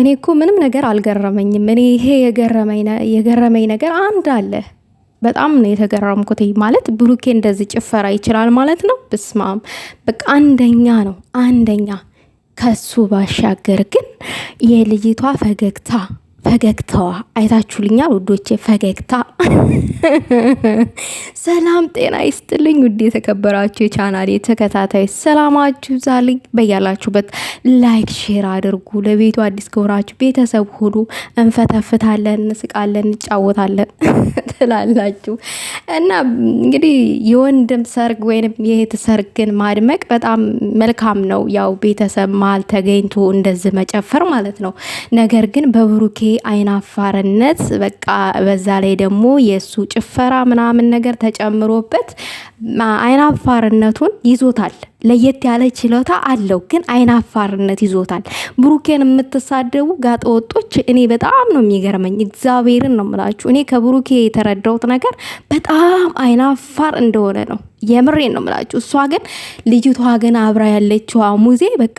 እኔ እኮ ምንም ነገር አልገረመኝም። እኔ ይሄ የገረመኝ ነገር አንድ አለ። በጣም ነው የተገረምኩት። ማለት ብሩኬ እንደዚህ ጭፈራ ይችላል ማለት ነው። ብስማም በቃ አንደኛ ነው አንደኛ። ከሱ ባሻገር ግን የልጅቷ ፈገግታ ፈገግታዋ አይታችሁልኛል ውዶቼ፣ ፈገግታ። ሰላም ጤና ይስጥልኝ ውድ የተከበራችሁ የቻናል ተከታታይ ሰላማችሁ ዛልኝ በያላችሁበት። ላይክ ሼር አድርጉ። ለቤቱ አዲስ ከሆናችሁ ቤተሰብ ሁሉ እንፈተፍታለን፣ እንስቃለን፣ እንጫወታለን ትላላችሁ እና እንግዲህ የወንድም ሰርግ ወይም የእህት ሰርግን ማድመቅ በጣም መልካም ነው። ያው ቤተሰብ መሀል ተገኝቶ እንደዚህ መጨፈር ማለት ነው። ነገር ግን በብሩኬ አይናፋርነት በቃ በዛ ላይ ደግሞ የእሱ ጭፈራ ምናምን ነገር ተጨምሮበት አይናፋርነቱን ይዞታል። ለየት ያለ ችሎታ አለው፣ ግን አይናፋርነት ይዞታል። ብሩኬን የምትሳደቡ ጋጠ ወጦች እኔ በጣም ነው የሚገርመኝ። እግዚአብሔርን ነው ምላችሁ። እኔ ከብሩኬ የተረዳሁት ነገር በጣም አይናፋር እንደሆነ ነው። የምሬን ነው ምላችሁ። እሷ ግን ልጅቷ ግን አብራ ያለችዋ ሙዜ በቃ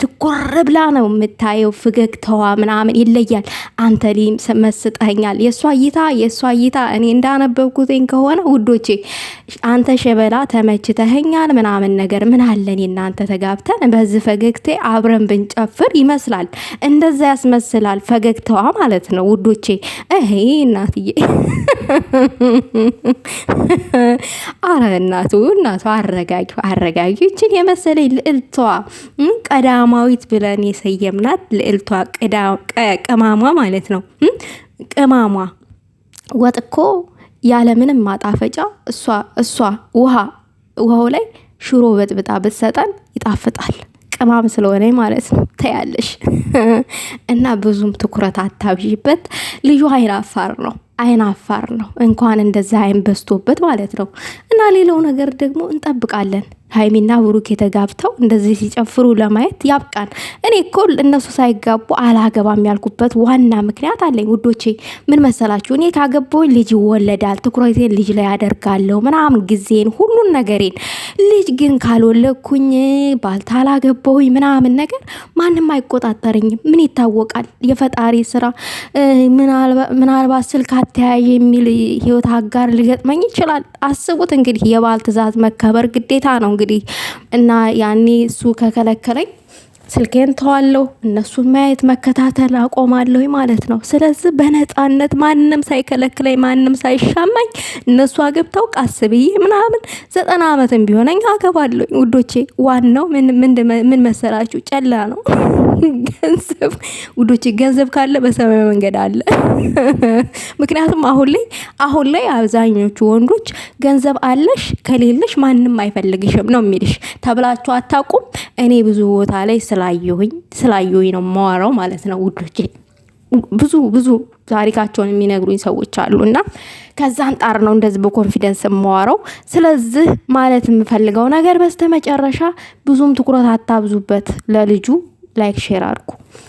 ትኩር ብላ ነው የምታየው። ፈገግታዋ ምናምን ይለያል። አንተ ሊም መስጠኛል። የእሷ እይታ የእሷ እይታ እኔ እንዳነበብኩትኝ ከሆነ ውዶቼ፣ አንተ ሸበላ ተመችተኸኛል ምናምን ነገር ምን አለን እናንተ ተጋብተን በዚህ ፈገግቴ አብረን ብንጨፍር ይመስላል። እንደዛ ያስመስላል ፈገግታዋ ማለት ነው ውዶቼ። ይሄ እናትዬ፣ አረ እናቱ እናቱ፣ አረጋጊ አረጋጊ። ይችን የመሰለኝ ልዕልቷ ቀዳማዊት ብለን የሰየምናት ልዕልቷ ቅማሟ ማለት ነው። ቅማሟ ወጥ እኮ ያለምንም ማጣፈጫ እሷ እሷ ውሃ ውሃው ላይ ሽሮ በጥብጣ ብትሰጠን ይጣፍጣል። ቅማም ስለሆነ ማለት ነው። ተያለሽ እና ብዙም ትኩረት አታብዥበት። ልዩ አይን አፋር ነው። አይን አፋር ነው። እንኳን እንደዛ አይን በስቶበት ማለት ነው። እና ሌላው ነገር ደግሞ እንጠብቃለን ሀይሚና ብሩኬ ተጋብተው እንደዚህ ሲጨፍሩ ለማየት ያብቃን። እኔ እኮ እነሱ ሳይጋቡ አላገባም ያልኩበት ዋና ምክንያት አለኝ ውዶቼ። ምን መሰላችሁ? እኔ ካገባሁኝ ልጅ ይወለዳል፣ ትኩረቴን ልጅ ላይ ያደርጋለሁ፣ ምናምን ጊዜን፣ ሁሉን ነገሬን። ልጅ ግን ካልወለድኩኝ ባልታ አላገባሁኝ ምናምን ነገር ማንም አይቆጣጠረኝም። ምን ይታወቃል? የፈጣሪ ስራ ምናልባት ስልካ ተያየ የሚል ህይወት አጋር ሊገጥመኝ ይችላል። አስቡት እንግዲህ የባል ትዕዛዝ መከበር ግዴታ ነው። እንግዲህ እና ያኔ እሱ ከከለከለኝ ስልኬን ተዋለሁ፣ እነሱን ማየት መከታተል አቆማለሁ ማለት ነው። ስለዚህ በነፃነት ማንም ሳይከለክለኝ ማንም ሳይሻማኝ እነሱ አገብተው ቃስ ብዬ ምናምን ዘጠና ዓመትም ቢሆነኝ አገባለሁ። ውዶቼ ዋናው ምን መሰላችሁ? ጨላ ነው ገንዘብ ውዶቼ፣ ገንዘብ ካለ በሰማይ መንገድ አለ። ምክንያቱም አሁን ላይ አሁን ላይ አብዛኞቹ ወንዶች ገንዘብ አለሽ ከሌለሽ ማንም አይፈልግሽም ነው የሚልሽ። ተብላችሁ አታውቁም? እኔ ብዙ ቦታ ላይ ስላየሁኝ ስላየሁኝ ነው የማወራው ማለት ነው ውዶቼ። ብዙ ብዙ ታሪካቸውን የሚነግሩኝ ሰዎች አሉ እና ከዛ አንጣር ነው እንደዚህ በኮንፊደንስ የማወራው። ስለዚህ ማለት የምፈልገው ነገር በስተመጨረሻ ብዙም ትኩረት አታብዙበት። ለልጁ ላይክ ሼር አድርጉ።